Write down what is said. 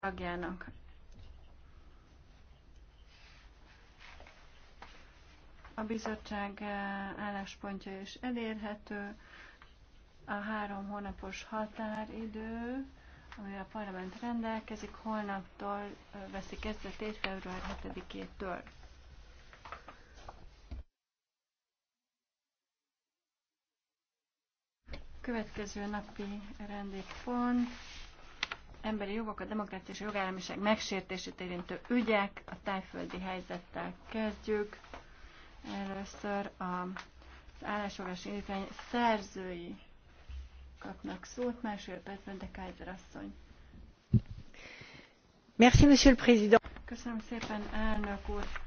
tagjának. A bizottság eh, álláspontja is elérhető. A három hónapos határidő, amivel a parlament rendelkezik, holnaptól eh, veszi kezdetét február 7-től. Következő napi rendi pont emberi jogok, a demokrácia és a jogállamiság megsértését érintő ügyek. A tájföldi helyzettel kezdjük. Először a, az állásfoglalási indítvány szerzői kapnak szót, másfél percben de Kaiser asszony. Merci, Monsieur le Président. Köszönöm szépen, elnök úr.